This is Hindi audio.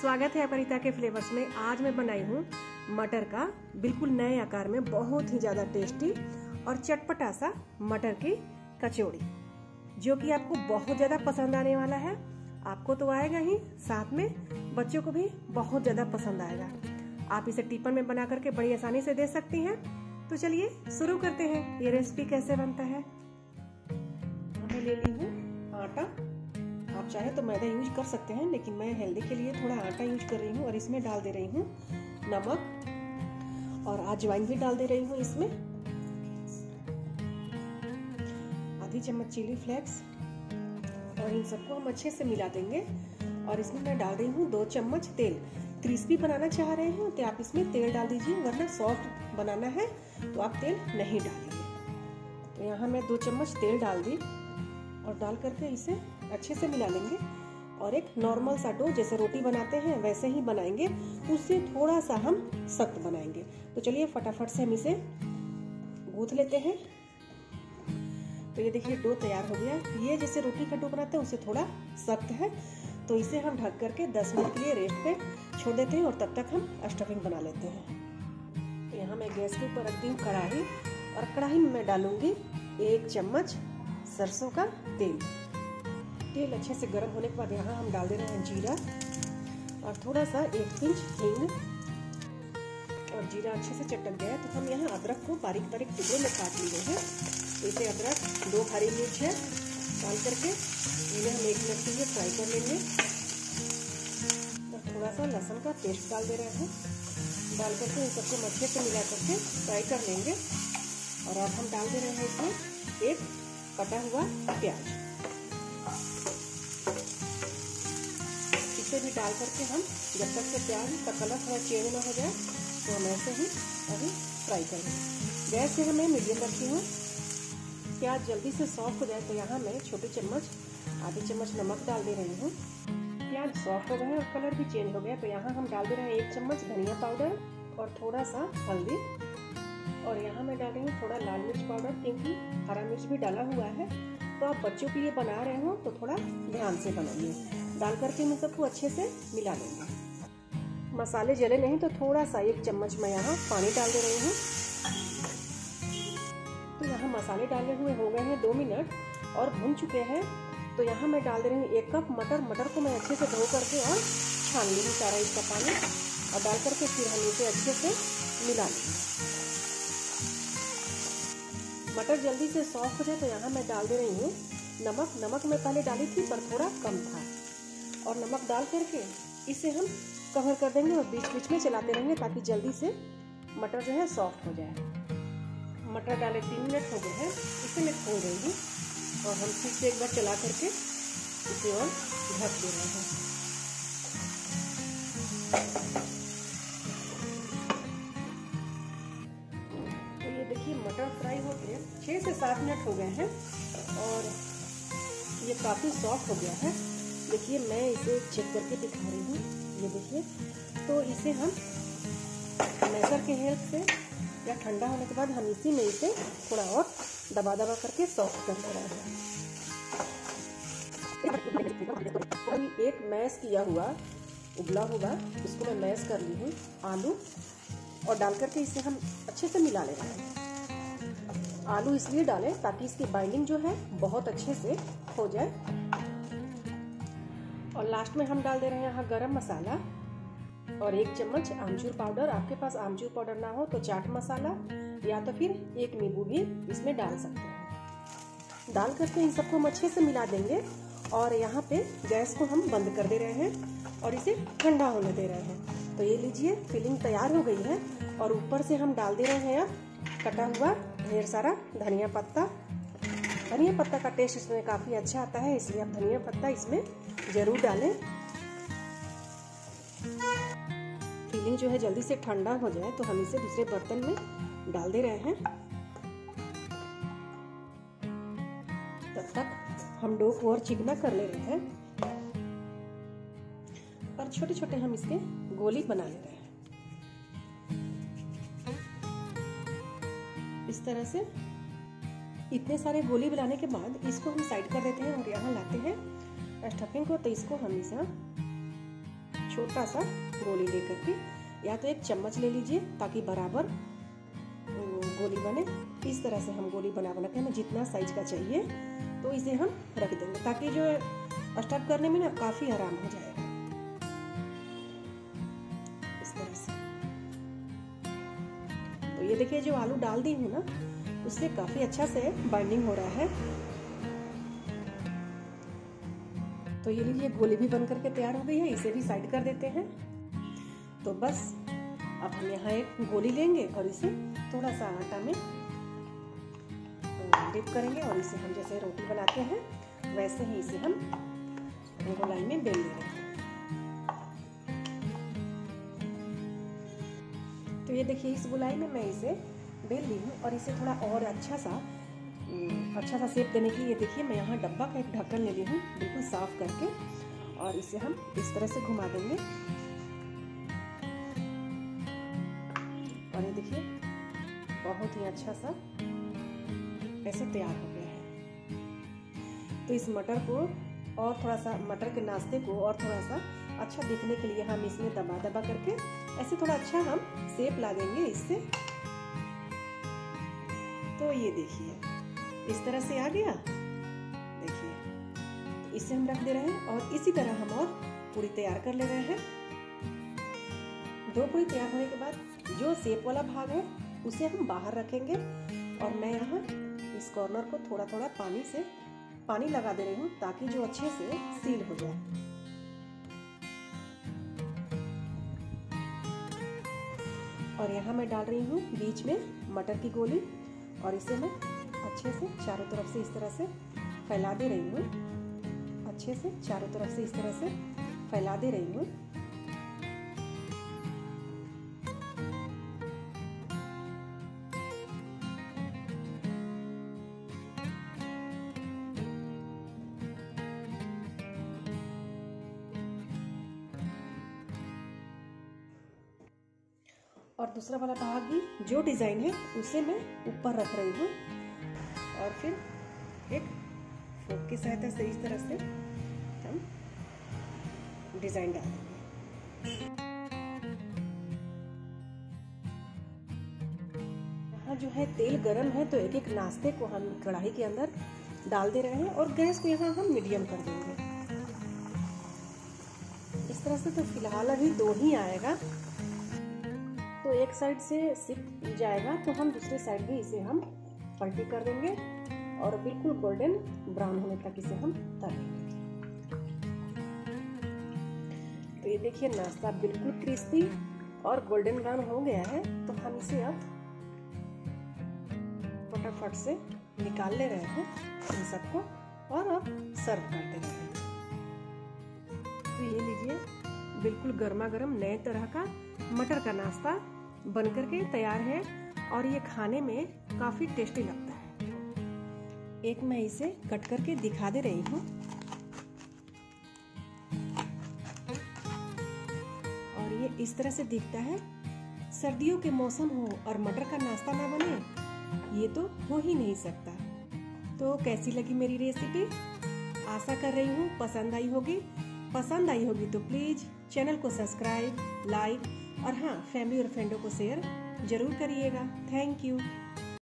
स्वागत है अपरिता के फ्लेवर्स में आज मैं बनाई हूँ मटर का बिल्कुल नए आकार में बहुत ही ज़्यादा टेस्टी और चटपटा सा मटर की कचौड़ी जो कि आपको बहुत ज़्यादा पसंद आने वाला है आपको तो आएगा ही साथ में बच्चों को भी बहुत ज़्यादा पसंद आएगा आप इसे टिफन में बना करके बड़ी आसानी से दे सकती हैं तो चलिए शुरू करते हैं ये रेसिपी कैसे बनता है मैं ले ली हूँ आटा आप चाहे तो मैदा यूज कर सकते हैं लेकिन मैं हेल्दी के लिए थोड़ा आटा यूज कर रही हूँ और इसमें डाल दे रही हूँ नमक और अजवाइन भी डाल दे रही हूँ इसमें आधी चम्मच चिली फ्लेक्स और इन सबको हम अच्छे से मिला देंगे और इसमें मैं डाल रही हूँ दो चम्मच तेल क्रिस्पी बनाना चाह रहे हैं तो आप इसमें तेल डाल दीजिए वरना सॉफ्ट बनाना है तो आप तेल नहीं डालेंगे तो यहाँ मैं दो चम्मच तेल डाल दी और डाल करके इसे अच्छे से मिला लेंगे और एक नॉर्मल सा डो जैसे रोटी बनाते हैं वैसे ही बनाएंगे उससे थोड़ा सा हम सख्त बनाएंगे तो चलिए फटाफट से हम इसे गूथ लेते हैं तो ये देखिए डो तैयार हो गया ये जैसे रोटी का डो बनाते हैं उससे थोड़ा सख्त है तो इसे हम ढक करके 10 मिनट के लिए रेस्ट पे छोड़ देते हैं और तब तक हम स्टफिंग बना लेते हैं तो यहाँ मैं गैस के ऊपर रखती हूँ कढ़ाई और कढ़ाई में मैं डालूंगी एक चम्मच सरसों का तेल तेल अच्छे से गर्म होने के बाद यहाँ हम डाल दे रहे हैं जीरा और थोड़ा सा एक इंच हिंग और जीरा अच्छे से चटक गया है तो हम यहाँ अदरक को बारीक बारीक टुकड़ों में काट लिए हैं जैसे अदरक दो हरी मिर्च है डाल करके इन्हें हम एक मिनट के लिए फ्राई कर लेंगे और थोड़ा सा लहसुन का पेस्ट डाल दे रहे हैं डाल करके इन सबको मच्छे से मिला करके फ्राई कर लेंगे और अब हम डाल दे रहे हैं इसमें एक कटा हुआ प्याज भी डाल करके हम जब तक से प्याज का कलर थोड़ा चेंज ना हो जाए तो हम ऐसे ही अभी फ्राई करेंगे गैस से हमें मीडियम रखी हूँ प्याज जल्दी से सॉफ्ट हो जाए तो यहाँ मैं छोटे चम्मच आधे चम्मच नमक डाल दे रही हूँ प्याज सॉफ्ट हो गया और कलर भी चेंज हो गया तो यहाँ हम डाल दे रहे हैं एक चम्मच धनिया पाउडर और थोड़ा सा हल्दी और यहाँ मैं डाल रही हूँ थोड़ा लाल मिर्च पाउडर क्योंकि हरा मिर्च भी डाला हुआ है तो आप बच्चों के लिए बना रहे हो तो थोड़ा ध्यान से बनाइए डाल करके मैं सबको अच्छे से मिला लेंगे मसाले जले नहीं तो थोड़ा सा एक चम्मच मैं यहाँ पानी डाल दे रही हूँ तो यहाँ मसाले डाले हुए हो गए हैं दो मिनट और भुन चुके हैं तो यहाँ मैं डाल दे रही हूँ एक कप मटर मटर को मैं अच्छे से धो करके और छान ली रही सारा इसका पानी और डाल करके फिर हम इसे अच्छे से मिला लेंगे मटर जल्दी से सॉफ्ट हो जाए तो यहाँ मैं डाल दे रही हूँ नमक नमक मैं पहले डाली थी पर थोड़ा कम था और नमक डाल करके इसे हम कवर कर देंगे और बीच बीच में चलाते रहेंगे ताकि जल्दी से मटर जो है सॉफ्ट हो जाए मटर डाले तीन मिनट हो गए हैं इसे मैं खोल देंगी और हम फिर से एक बार चला करके इसे और ढक दे रहे हैं तो ये देखिए मटर फ्राई होते हैं छः से सात मिनट हो गए हैं और ये काफ़ी सॉफ्ट हो गया है देखिए मैं इसे चेक करके दिखा रही हूँ ये देखिए तो इसे हम मैसर के हेल्प से या ठंडा होने के बाद हम इसी में इसे थोड़ा और दबा दबा करके सॉफ्ट कर ले रहे हैं एक मैश किया हुआ उबला हुआ इसको मैं मैश कर ली हूँ आलू और डाल करके इसे हम अच्छे से मिला ले रहे हैं आलू इसलिए डालें ताकि इसकी बाइंडिंग जो है बहुत अच्छे से हो जाए और लास्ट में हम डाल दे रहे हैं यहाँ गरम मसाला और एक चम्मच आमचूर पाउडर आपके पास आमचूर पाउडर ना हो तो चाट मसाला या तो फिर एक नींबू भी इसमें डाल सकते हैं डाल करके इन सबको हम अच्छे से मिला देंगे और यहाँ पे गैस को हम बंद कर दे रहे हैं और इसे ठंडा होने दे रहे हैं तो ये लीजिए फिलिंग तैयार हो गई है और ऊपर से हम डाल दे रहे हैं अब कटा हुआ ढेर सारा धनिया पत्ता धनिया पत्ता का टेस्ट इसमें काफ़ी अच्छा आता है इसलिए आप धनिया पत्ता इसमें ज़रूर डालें फीलिंग जो है जल्दी से ठंडा हो जाए तो हम इसे दूसरे बर्तन में डाल दे रहे हैं तब तक हम डो को और चिकना कर ले रहे हैं और छोटे छोटे हम इसके गोली बना ले रहे हैं इस तरह से इतने सारे गोली बनाने के बाद इसको हम साइड कर देते हैं और यहाँ लाते हैं स्टफिंग को तो इसको हम इसे छोटा सा गोली ले करके या तो एक चम्मच ले लीजिए ताकि बराबर गोली बने इस तरह से हम गोली बना बना के हमें जितना साइज का चाहिए तो इसे हम रख देंगे ताकि जो स्टफ करने में ना काफ़ी आराम हो जाएगा इस तरह से तो ये देखिए जो आलू डाल दी हूँ ना उससे काफ़ी अच्छा से बाइंडिंग हो रहा है तो ये लीजिए गोली भी बन करके तैयार हो गई है इसे भी साइड कर देते हैं तो बस अब हम यहाँ एक गोली लेंगे और इसे थोड़ा सा आटा में डिप करेंगे और इसे हम जैसे रोटी बनाते हैं वैसे ही इसे हम गोलाई में बेल लेंगे तो ये देखिए इस गुलाई में मैं इसे बेल ली हूँ और इसे थोड़ा और अच्छा सा हम्म, अच्छा सा सेप देने के लिए देखिए मैं यहाँ डब्बा का एक ढक्कन ले ली हूँ बिल्कुल साफ करके और इसे हम इस तरह से घुमा देंगे और ये देखिए बहुत ही अच्छा सा ऐसे तैयार हो गया है तो इस मटर को और थोड़ा सा मटर के नाश्ते को और थोड़ा सा अच्छा दिखने के लिए हम इसमें दबा दबा करके ऐसे थोड़ा अच्छा हम सेप ला देंगे इससे तो ये देखिए इस तरह से आ गया देखिए इसे हम रख दे रहे हैं और इसी तरह हम और पूरी तैयार कर ले रहे हैं दो पूरी तैयार होने के बाद जो सेप वाला भाग है उसे हम बाहर रखेंगे और मैं यहाँ इस कॉर्नर को थोड़ा थोड़ा पानी से पानी लगा दे रही हूँ ताकि जो अच्छे से सील हो जाए और यहाँ मैं डाल रही हूँ बीच में मटर की गोली और इसे मैं अच्छे से चारों तरफ से इस तरह से फैला दे रही हूँ अच्छे से चारों तरफ से इस तरह से फैला दे रही हूँ और दूसरा वाला भाग भी जो डिज़ाइन है उसे मैं ऊपर रख रही हूँ और फिर एक फोक की सहायता से इस तरह से हम डिज़ाइन डाल देंगे यहाँ जो है तेल गरम है तो एक एक नाश्ते को हम कढ़ाई के अंदर डाल दे रहे हैं और गैस को यहाँ हम मीडियम कर देंगे इस तरह से तो फिलहाल अभी दो ही आएगा तो एक साइड से सिक जाएगा तो हम दूसरी साइड भी इसे हम पलटी कर देंगे और बिल्कुल गोल्डन ब्राउन होने तक इसे हम तलेंगे तो ये देखिए नाश्ता बिल्कुल क्रिस्पी और गोल्डन ब्राउन हो गया है तो हम इसे अब फटाफट से निकाल ले रहे हैं इन सबको और अब सर्व कर दे रहे हैं तो ये लीजिए बिल्कुल गर्मा गर्म नए तरह का मटर का नाश्ता बन करके तैयार है और ये खाने में काफ़ी टेस्टी लगता है एक मैं इसे कट करके दिखा दे रही हूँ और ये इस तरह से दिखता है सर्दियों के मौसम हो और मटर का नाश्ता ना बने ये तो हो ही नहीं सकता तो कैसी लगी मेरी रेसिपी आशा कर रही हूँ पसंद आई होगी पसंद आई होगी तो प्लीज़ चैनल को सब्सक्राइब लाइक और हाँ फैमिली और फ्रेंडों को शेयर जरूर करिएगा थैंक यू